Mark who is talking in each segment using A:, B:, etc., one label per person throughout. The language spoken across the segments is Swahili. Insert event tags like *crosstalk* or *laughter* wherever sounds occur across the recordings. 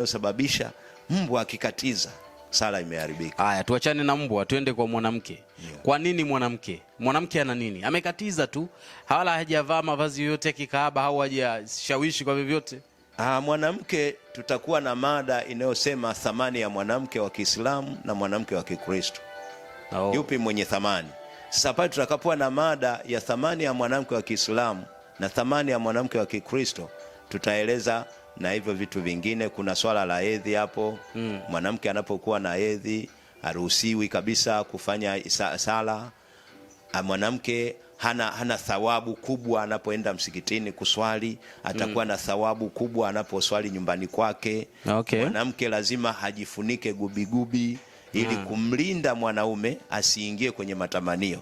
A: inayosababisha mbwa akikatiza sala imeharibika.
B: Haya, tuachane na mbwa, tuende kwa mwanamke yeah. Kwa nini mwanamke? Mwanamke ana nini? Amekatiza tu, wala hajavaa mavazi yoyote ya kikaaba au hajashawishi kwa vyovyote.
A: Ah, mwanamke, tutakuwa na mada inayosema thamani ya mwanamke wa Kiislamu na mwanamke wa Kikristo. Oh. Yupi mwenye thamani? Sasa pale tutakapokuwa na mada ya thamani ya mwanamke wa Kiislamu na thamani ya mwanamke wa Kikristo, tutaeleza na hivyo vitu vingine. Kuna swala la hedhi hapo mm. Mwanamke anapokuwa na hedhi haruhusiwi kabisa kufanya sala. Mwanamke hana, hana thawabu kubwa anapoenda msikitini kuswali, atakuwa mm. na thawabu kubwa anaposwali nyumbani kwake. Okay. Mwanamke lazima hajifunike gubigubi ili mm. kumlinda mwanaume asiingie kwenye matamanio.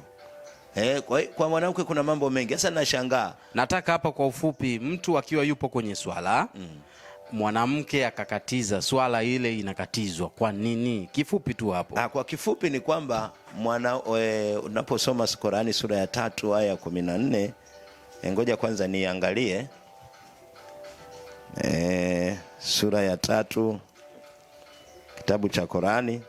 A: Eh, kwa, kwa mwanamke kuna mambo mengi. Sasa nashangaa.
B: Nataka hapa kwa ufupi mtu akiwa yupo kwenye swala mm mwanamke akakatiza swala ile inakatizwa kwa nini? Kifupi tu hapo.
A: Ha, ah, kwa kifupi ni kwamba mwana e, unaposoma Qur'ani sura ya tatu aya ya 14 na eh, ngoja kwanza niangalie e, sura ya tatu kitabu cha Qur'ani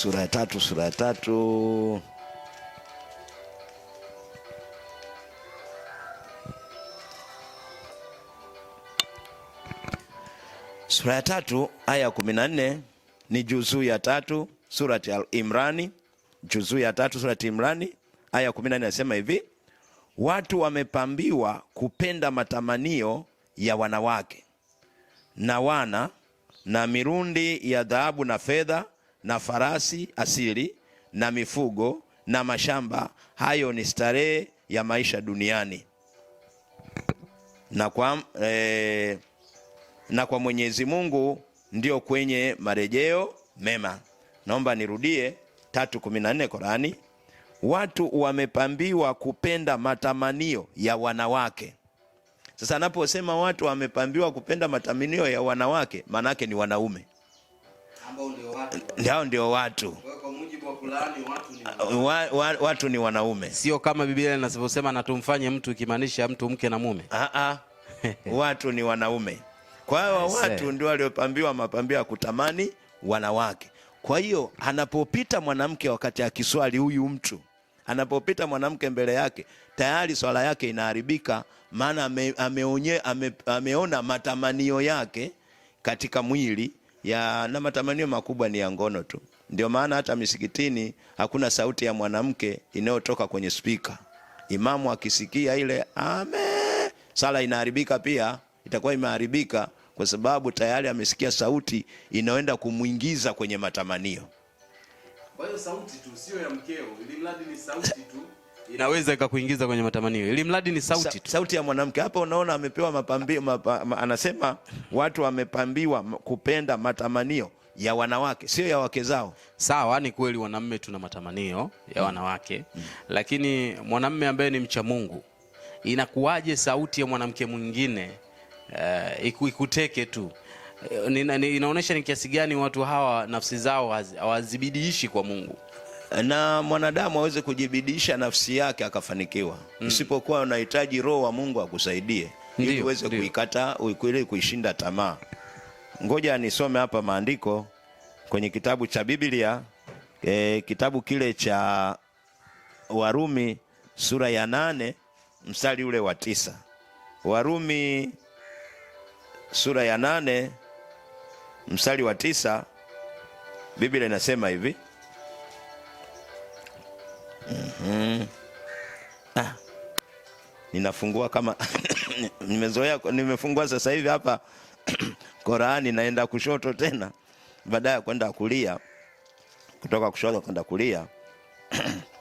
A: sura ya tatu sura ya tatu sura ya tatu aya ya kumi na nne ni juzuu ya tatu surati Al-Imrani, juzuu ya tatu surati Imrani aya ya kumi na nne nasema hivi: watu wamepambiwa kupenda matamanio ya wanawake na wana na mirundi ya dhahabu na fedha na farasi asili na mifugo na mashamba. Hayo ni starehe ya maisha duniani, na kwa, e, na kwa Mwenyezi Mungu ndio kwenye marejeo mema. Naomba nirudie 3:14 Korani, watu wamepambiwa kupenda matamanio ya wanawake. Sasa anaposema watu wamepambiwa kupenda matamanio ya wanawake, maana ni wanaume hao ndio watu watu ni wanaume,
B: sio kama Biblia inavyosema na tumfanye mtu, ikimaanisha mtu mke na mume.
A: Ah, ah. *laughs* watu ni wanaume. Kwa hiyo watu ndio waliopambiwa mapambio ya kutamani wanawake. Kwa hiyo anapopita mwanamke wakati akiswali, huyu mtu anapopita mwanamke mbele yake, tayari swala yake inaharibika, maana ame, ame, ameona matamanio yake katika mwili ya na matamanio makubwa ni ya ngono tu. Ndio maana hata misikitini hakuna sauti ya mwanamke inayotoka kwenye spika. Imamu akisikia ile ame, sala inaharibika, pia itakuwa imeharibika kwa sababu tayari amesikia sauti inaoenda kumwingiza kwenye matamanio.
B: Kwa hiyo sauti tu sio ya mkeo, ili mradi ni sauti tu inaweza ikakuingiza kwenye matamanio, ili mradi ni sauti tu,
A: sauti ya mwanamke. Hapa unaona amepewa mapambi, mapa, ma, anasema watu wamepambiwa kupenda matamanio ya wanawake sio ya wake zao.
B: Sawa, ni kweli wanamme tuna matamanio ya wanawake mm. Lakini mwanamme ambaye ni mcha Mungu, inakuwaje sauti ya mwanamke mwingine uh, iku, ikuteke tu eh, inaonyesha ni kiasi gani watu hawa nafsi zao hawazibidiishi kwa Mungu
A: na mwanadamu aweze kujibidisha nafsi yake akafanikiwa, isipokuwa mm. unahitaji roho wa Mungu akusaidie ili uweze kuikata ili kuishinda tamaa. Ngoja nisome hapa maandiko kwenye kitabu cha Biblia e, kitabu kile cha Warumi sura ya nane mstari ule wa tisa. Warumi sura ya nane mstari wa tisa, Biblia inasema hivi Mm. Ah. Ninafungua kama *coughs* nimezoea, nimefungua sasa hivi hapa Qur'ani *coughs* naenda kushoto tena baada ya kwenda kulia, kutoka kushoto kwenda kulia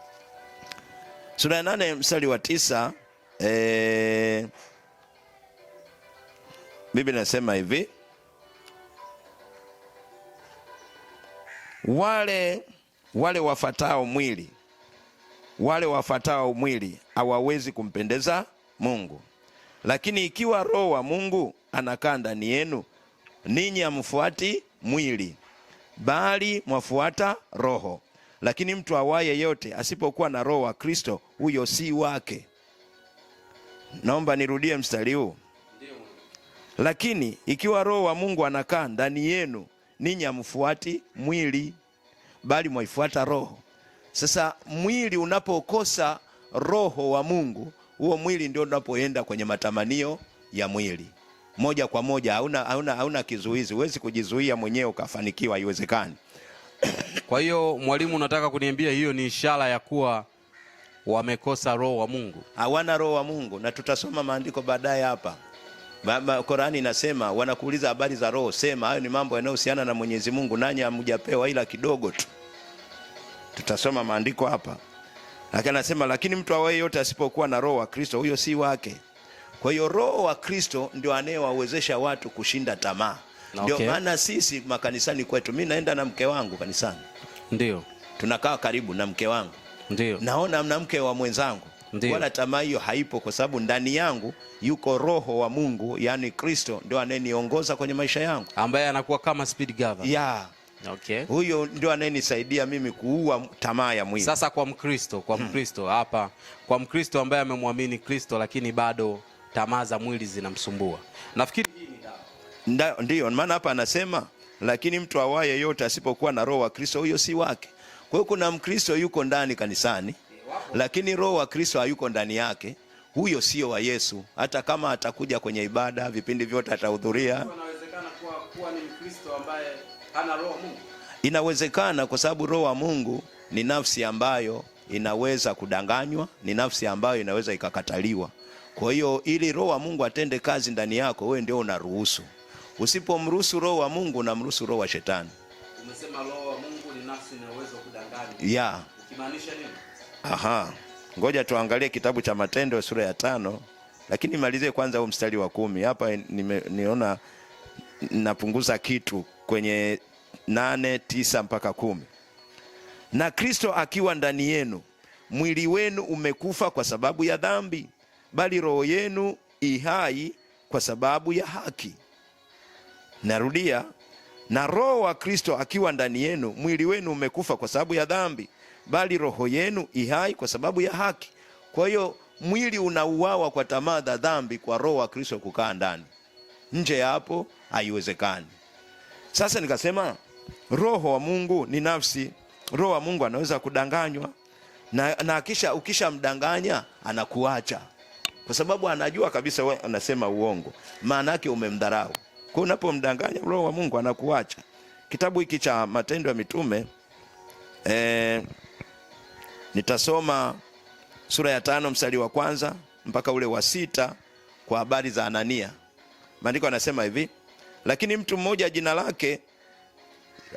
A: *coughs* sura ya nane mstari wa tisa e... Biblia inasema hivi wale wale wafatao mwili wale wafatao mwili hawawezi kumpendeza Mungu. Lakini ikiwa Roho wa Mungu anakaa ndani yenu, ninyi hamfuati mwili, bali mwafuata Roho. Lakini mtu awaye yote asipokuwa na Roho wa Kristo, huyo si wake. Naomba nirudie mstari huu. Lakini ikiwa Roho wa Mungu anakaa ndani yenu, ninyi hamfuati mwili, bali mwaifuata Roho. Sasa mwili unapokosa roho wa Mungu, huo mwili ndio unapoenda kwenye matamanio ya mwili moja kwa moja. Hauna, hauna, hauna kizuizi, huwezi kujizuia mwenyewe ukafanikiwa, haiwezekani.
B: *coughs* Kwa hiyo mwalimu, unataka kuniambia hiyo ni ishara ya kuwa wamekosa roho wa Mungu,
A: hawana roho wa Mungu, na tutasoma maandiko baadaye hapa. Korani inasema, wanakuuliza habari za roho, sema hayo ni mambo yanayohusiana na Mwenyezi Mungu, nanyi hamjapewa ila kidogo tu tutasoma maandiko hapa, lakini anasema lakini mtu awaye yote asipokuwa na roho wa Kristo huyo si wake. Kwa hiyo roho wa Kristo ndio anayewawezesha watu kushinda tamaa. Ndio okay. Maana sisi makanisani kwetu, mi naenda na mke wangu kanisani, ndio tunakaa karibu na mke wangu, ndio naona mnamke wa mwenzangu Ndiyo. Wala tamaa hiyo haipo kwa sababu ndani yangu yuko roho wa Mungu, yani Kristo ndio anayeniongoza kwenye maisha yangu,
B: ambaye anakuwa kama speed governor. Yeah. Okay.
A: Huyo ndio anayenisaidia mimi kuua tamaa ya mwili.
B: Sasa kwa Mkristo, kwa hmm. Mkristo hapa, Kwa Mkristo ambaye amemwamini Kristo lakini bado tamaa za mwili zinamsumbua. Nafikiri hii
A: ni dawa. Ndio maana hapa anasema lakini mtu awaye yote asipokuwa na roho wa Kristo huyo si wake. Kwa hiyo kuna Mkristo yuko ndani kanisani lakini roho wa Kristo hayuko ndani yake, huyo sio wa Yesu. Hata kama atakuja kwenye ibada, vipindi vyote atahudhuria kuwa ni Mkristo ambaye hana roho Mungu? Inawezekana, kwa sababu roho wa Mungu ni nafsi ambayo inaweza kudanganywa, ni nafsi ambayo inaweza ikakataliwa. Kwa hiyo ili roho wa Mungu atende kazi ndani yako, wewe ndio unaruhusu. Usipomruhusu roho wa Mungu, unamruhusu roho wa shetani.
B: Umesema roho wa Mungu ni nafsi na uwezo Yeah. Ukimaanisha nini?
A: Aha. Ngoja tuangalie kitabu cha Matendo sura ya tano, lakini malizie kwanza huu mstari wa kumi. Hapa niona napunguza kitu kwenye nane tisa mpaka kumi na Kristo akiwa ndani yenu, mwili wenu umekufa kwa sababu ya dhambi, bali roho yenu ihai kwa sababu ya haki. Narudia, na roho wa Kristo akiwa ndani yenu, mwili wenu umekufa kwa sababu ya dhambi, bali roho yenu ihai kwa sababu ya haki. Kwa hiyo mwili unauawa kwa tamaa za dhambi, kwa roho wa Kristo kukaa ndani. Nje ya hapo haiwezekani. Sasa nikasema roho wa Mungu ni nafsi. Roho wa Mungu anaweza kudanganywa na, na kisha ukishamdanganya anakuacha kwa sababu anajua kabisa we, anasema uongo, maana yake umemdharau. Kwa unapomdanganya roho wa Mungu anakuacha. Kitabu hiki cha Matendo ya Mitume e, nitasoma sura ya tano mstari wa kwanza mpaka ule wa sita kwa habari za Anania. Maandiko anasema hivi: lakini mtu mmoja jina lake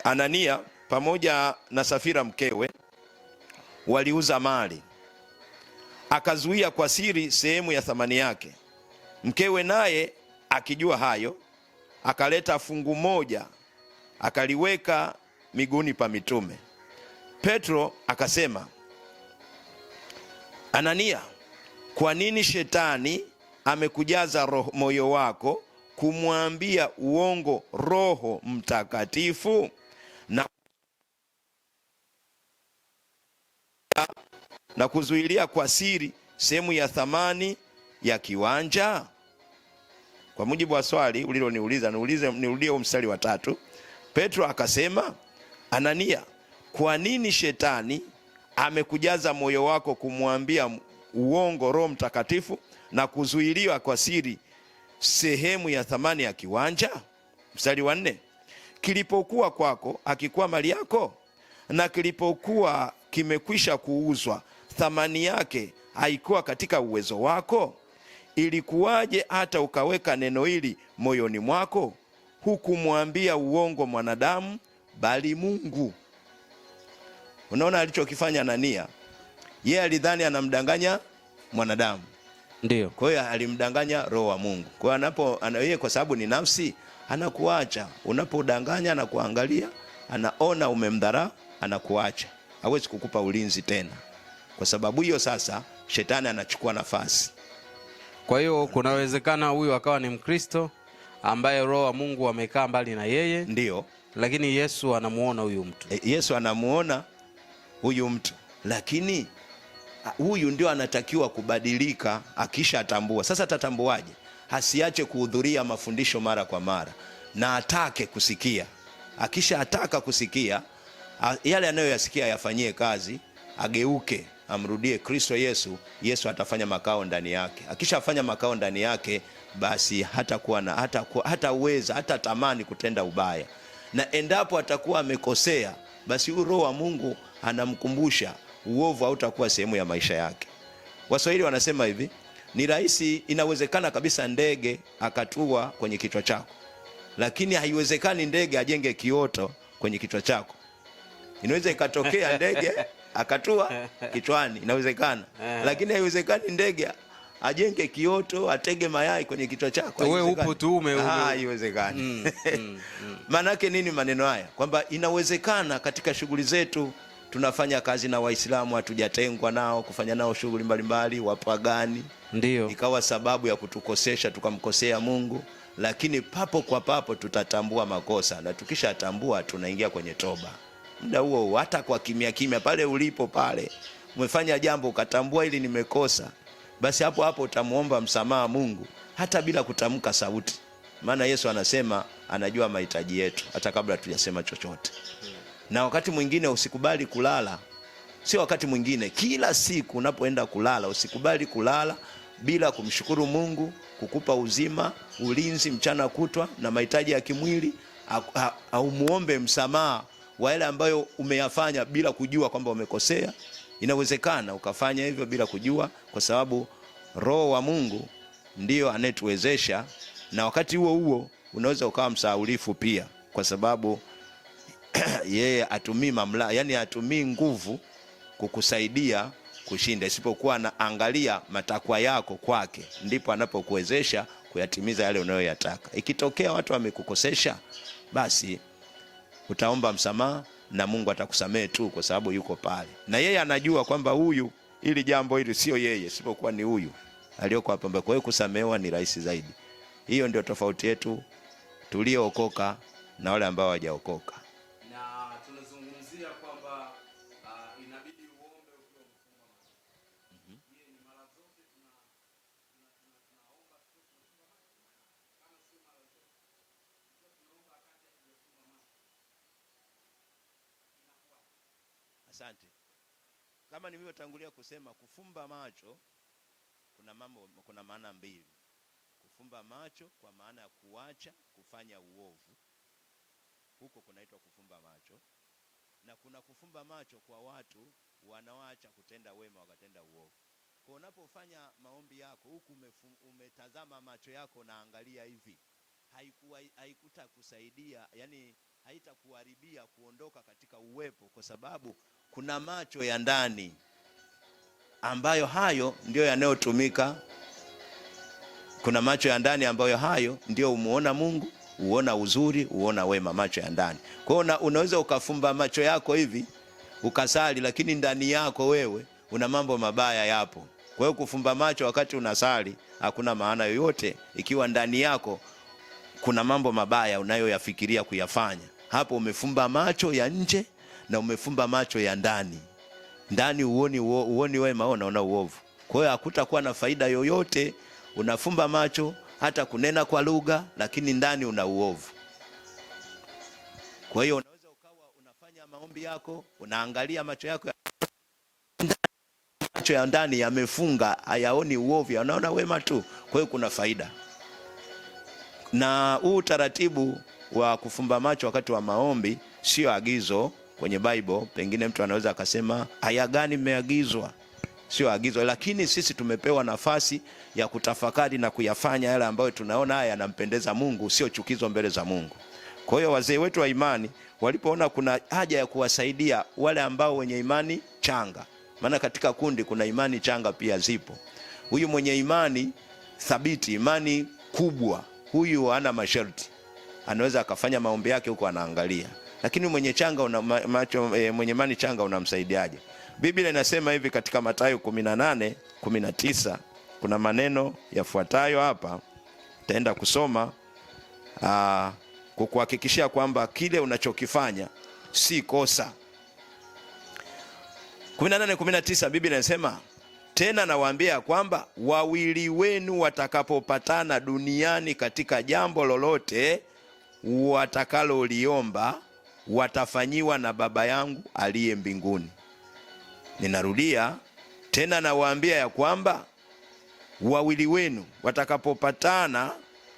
A: Anania pamoja na Safira mkewe waliuza mali, akazuia kwa siri sehemu ya thamani yake. Mkewe naye akijua hayo, akaleta fungu moja akaliweka miguni pa mitume. Petro akasema, Anania, kwa nini shetani amekujaza roho moyo wako kumwambia uongo Roho Mtakatifu na, na kuzuilia kwa siri sehemu ya thamani ya kiwanja? Kwa mujibu wa swali uliloniuliza, niulize nirudie huo mstari wa tatu. Petro akasema, Anania, kwa nini shetani amekujaza moyo wako kumwambia uongo Roho Mtakatifu na kuzuiliwa kwa siri sehemu ya thamani ya kiwanja. Mstari wa nne, kilipokuwa kwako akikuwa mali yako, na kilipokuwa kimekwisha kuuzwa thamani yake haikuwa katika uwezo wako, ilikuwaje hata ukaweka neno hili moyoni mwako? Hukumwambia uongo mwanadamu, bali Mungu. Unaona alichokifanya Anania, yeye alidhani anamdanganya mwanadamu. Ndio. Kwa hiyo alimdanganya roho wa Mungu. Kwa hiyo anapo yeye, kwa sababu ni nafsi, anakuacha unapodanganya, anakuangalia, anaona umemdharau, anakuacha, hawezi kukupa ulinzi tena. Kwa sababu hiyo sasa shetani anachukua nafasi.
B: Kwa hiyo kunawezekana huyu akawa ni Mkristo ambaye roho wa Mungu amekaa mbali na yeye, ndio, lakini Yesu anamuona huyu mtu.
A: E, Yesu anamuona huyu mtu lakini huyu ndio anatakiwa kubadilika akishatambua. Sasa atatambuaje? Asiache kuhudhuria mafundisho mara kwa mara na atake kusikia. Akisha ataka kusikia yale anayoyasikia yafanyie kazi, ageuke, amrudie Kristo Yesu. Yesu atafanya makao ndani yake. Akishafanya makao ndani yake, basi hatakuwa na hataweza hata tamani kutenda ubaya, na endapo atakuwa amekosea, basi huyu Roho wa Mungu anamkumbusha uovu hautakuwa sehemu ya maisha yake. Waswahili wanasema hivi, ni rahisi, inawezekana kabisa ndege akatua kwenye kichwa chako, lakini haiwezekani ndege ajenge kioto kwenye kichwa chako. Inaweza ikatokea *laughs* ndege akatua kichwani, inawezekana, eh. lakini haiwezekani ndege ajenge kioto atege mayai kwenye kichwa chako.
B: Wewe upo tu ume ah,
A: ume, haiwezekani. Mm, mm, *laughs* mm. Maanake nini maneno haya? Kwamba inawezekana katika shughuli zetu tunafanya kazi na Waislamu, hatujatengwa nao kufanya nao shughuli mbalimbali, wapagani ndio ikawa sababu ya kutukosesha, tukamkosea Mungu, lakini papo kwa papo tutatambua makosa, na tukishatambua tunaingia kwenye toba muda huo, hata kwa kimya kimya, pale ulipo pale umefanya jambo ukatambua, ili nimekosa, basi hapo hapo utamuomba msamaha Mungu hata bila kutamka sauti, maana Yesu anasema anajua mahitaji yetu hata kabla tujasema chochote na wakati mwingine usikubali kulala, sio wakati mwingine, kila siku unapoenda kulala usikubali kulala bila kumshukuru Mungu kukupa uzima, ulinzi mchana kutwa na mahitaji ya kimwili, aumuombe msamaha wa yale ambayo umeyafanya bila kujua kwamba umekosea. Inawezekana ukafanya hivyo bila kujua, kwa sababu Roho wa Mungu ndiyo anayetuwezesha, na wakati huo huo unaweza ukawa msahaulifu pia, kwa sababu *clears throat* yeye yeah, atumii mamlaka, yani atumii nguvu kukusaidia kushinda, isipokuwa anaangalia matakwa yako kwake, ndipo anapokuwezesha kuyatimiza yale unayoyataka. Ikitokea watu wamekukosesha, basi utaomba msamaha na Mungu atakusamehe tu, kwa sababu yuko pale na yeye anajua kwamba huyu, ili jambo hili sio yeye, isipokuwa ni huyu aliyoko hapa mbele. Kwa hiyo kusamehewa ni rahisi zaidi. Hiyo ndio tofauti yetu tuliookoka na wale ambao hawajaokoka. Asante. Kama nilivyotangulia kusema, kufumba macho kuna mambo, kuna maana mbili. Kufumba macho kwa maana ya kuacha kufanya uovu, huko kunaitwa kufumba macho, na kuna kufumba macho kwa watu wanaoacha kutenda wema wakatenda uovu. Kwa unapofanya maombi yako huku umetazama macho yako naangalia hivi, haikuta kusaidia, yani haitakuharibia kuondoka katika uwepo, kwa sababu kuna macho ya ndani ambayo hayo ndio yanayotumika. Kuna macho ya ndani ambayo hayo ndio umuona Mungu, uona uzuri, uona wema, macho ya ndani. Kwa hiyo unaweza ukafumba macho yako hivi ukasali, lakini ndani yako wewe una mambo mabaya yapo. Kwa hiyo kufumba macho wakati unasali hakuna maana yoyote, ikiwa ndani yako kuna mambo mabaya unayoyafikiria kuyafanya, hapo umefumba macho ya nje na umefumba macho ya ndani ndani, uoni uoni wema, unaona uovu. Kwa hiyo hakutakuwa na faida yoyote. Unafumba macho hata kunena kwa lugha, lakini ndani una uovu. Kwa hiyo unaweza ukawa unafanya maombi yako, unaangalia macho yako ya macho ya ndani yamefunga, hayaoni uovu, yanaona wema tu. Kwa hiyo kuna faida. Na huu utaratibu wa kufumba macho wakati wa maombi sio agizo kwenye Bible, pengine mtu anaweza akasema aya gani mmeagizwa? Sio agizo, lakini sisi tumepewa nafasi ya kutafakari na kuyafanya yale ambayo tunaona haya yanampendeza Mungu, sio chukizo mbele za Mungu. Kwa hiyo wazee wetu wa imani walipoona kuna haja ya kuwasaidia wale ambao wenye imani changa, maana katika kundi kuna imani changa pia zipo. Huyu mwenye imani thabiti, imani kubwa, huyu hana masharti, anaweza akafanya maombi yake huko, anaangalia lakini mwenye changa una macho, e, mwenye mani changa unamsaidiaje? Biblia inasema hivi katika Mathayo 18 19 kuna maneno yafuatayo hapa, taenda kusoma ah, kukuhakikishia kwamba kile unachokifanya si kosa. 18 19 Biblia inasema tena nawaambia kwamba wawili wenu watakapopatana duniani katika jambo lolote watakaloliomba watafanyiwa na Baba yangu aliye mbinguni. Ninarudia tena, nawaambia ya kwamba wawili wenu watakapopatana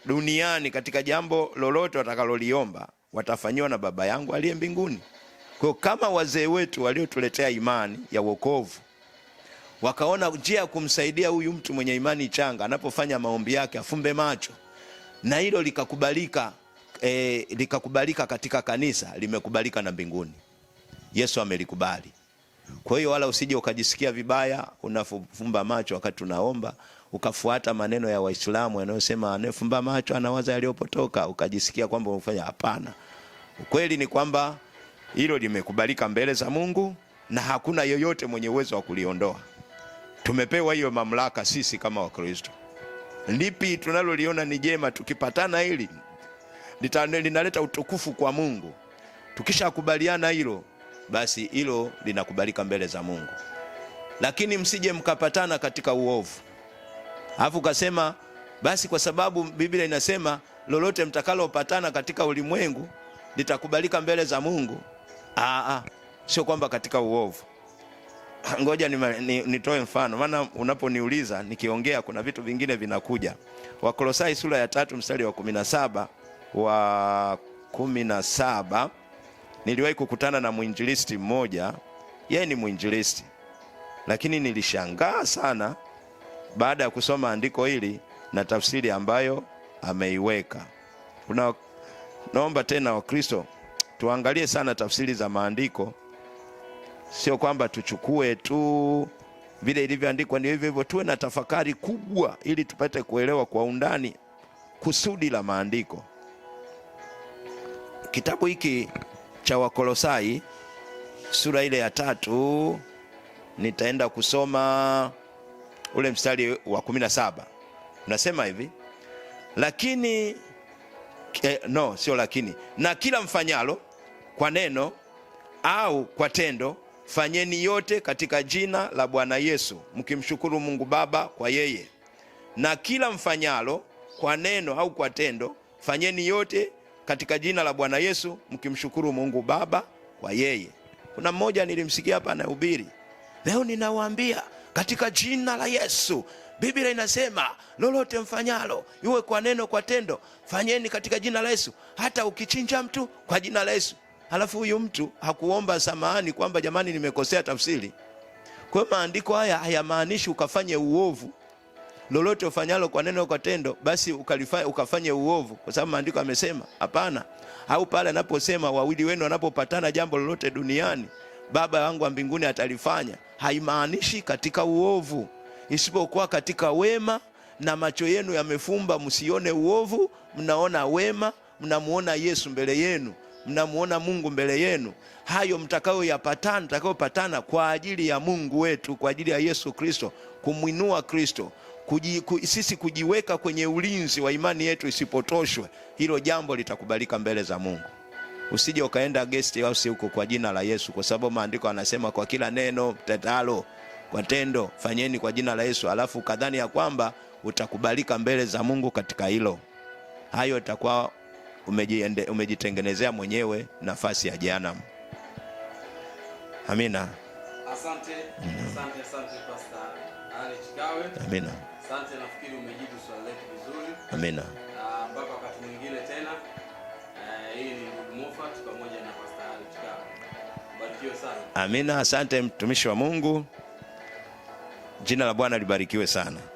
A: duniani katika jambo lolote watakaloliomba, watafanyiwa na Baba yangu aliye mbinguni. Kwa kama wazee wetu waliotuletea imani ya wokovu wakaona njia ya kumsaidia huyu mtu mwenye imani changa, anapofanya maombi yake afumbe macho na hilo likakubalika e, likakubalika katika kanisa, limekubalika na mbinguni. Yesu amelikubali. Kwa hiyo wala usije ukajisikia vibaya unafumba macho wakati unaomba ukafuata maneno ya Waislamu yanayosema anayefumba macho anawaza yaliyopotoka, ukajisikia kwamba umefanya. Hapana, ukweli ni kwamba hilo limekubalika mbele za Mungu na hakuna yoyote mwenye uwezo wa kuliondoa. Tumepewa hiyo mamlaka sisi kama Wakristo. Lipi tunaloliona ni jema, tukipatana hili linaleta utukufu kwa Mungu. Tukishakubaliana hilo, basi hilo linakubalika mbele za Mungu. Lakini msije mkapatana katika uovu, alafu kasema basi, kwa sababu Biblia inasema lolote mtakalopatana katika ulimwengu litakubalika mbele za Mungu. sio kwamba katika uovu. Ngoja nitoe mfano, maana unaponiuliza nikiongea, kuna vitu vingine vinakuja. Wakolosai sura ya tatu mstari wa kumi na saba wa kumi na saba niliwahi kukutana na mwinjilisti mmoja, yeye ni mwinjilisti, lakini nilishangaa sana baada ya kusoma andiko hili na tafsiri ambayo ameiweka. Kuna naomba tena Wakristo tuangalie sana tafsiri za maandiko, sio kwamba tuchukue tu vile ilivyoandikwa ndio hivyo hivyo. Tuwe na tafakari kubwa, ili tupate kuelewa kwa undani kusudi la maandiko. Kitabu hiki cha Wakolosai sura ile ya tatu nitaenda kusoma ule mstari wa kumi na saba unasema hivi lakini eh, no sio lakini, na kila mfanyalo kwa neno au kwa tendo fanyeni yote katika jina la Bwana Yesu mkimshukuru Mungu Baba kwa yeye. Na kila mfanyalo kwa neno au kwa tendo fanyeni yote katika jina la Bwana Yesu, mkimshukuru Mungu Baba kwa yeye. Kuna mmoja nilimsikia hapa anahubiri leo, ninawaambia katika jina la Yesu, Biblia inasema lolote mfanyalo, iwe kwa neno, kwa tendo, fanyeni katika jina la Yesu, hata ukichinja mtu kwa jina la Yesu. Alafu huyu mtu hakuomba samahani kwamba jamani, nimekosea tafsiri. Kwa maandiko haya hayamaanishi ukafanye uovu lolote ufanyalo kwa neno kwa tendo, basi ukafanye uovu, kwa sababu maandiko amesema hapana. Au pale anaposema wawili wenu wanapopatana jambo lolote duniani, Baba yangu wa mbinguni atalifanya, haimaanishi katika uovu, isipokuwa katika wema, na macho yenu yamefumba, msione uovu, mnaona wema, mnamuona Yesu mbele yenu mnamuona Mungu mbele yenu. Hayo mtakayoyapatana mtakayopatana kwa ajili ya Mungu wetu, kwa ajili ya Yesu Kristo, kumwinua Kristo, kuji, ku, sisi kujiweka kwenye ulinzi wa imani yetu isipotoshwe, hilo jambo litakubalika mbele za Mungu. Usije ukaenda guest house huko kwa jina la Yesu, kwa sababu maandiko anasema kwa kila neno mtetalo kwa tendo fanyeni kwa jina la Yesu, alafu kadhani ya kwamba utakubalika mbele za Mungu katika hilo. Hayo itakuwa umejitengenezea mwenyewe nafasi ya jehanamu. Amina.
B: Asante, mm. asante, asante Pastor Alex Kawe. Amina. Asante, nafikiri umejibu swali letu vizuri. Amina. Ah, mpaka wakati mwingine tena. Eh, hii ni ndugu Mofat pamoja na Pastor Ali Chikawa. Barikiwe sana.
A: Amina, asante mtumishi wa Mungu. Jina la Bwana libarikiwe sana.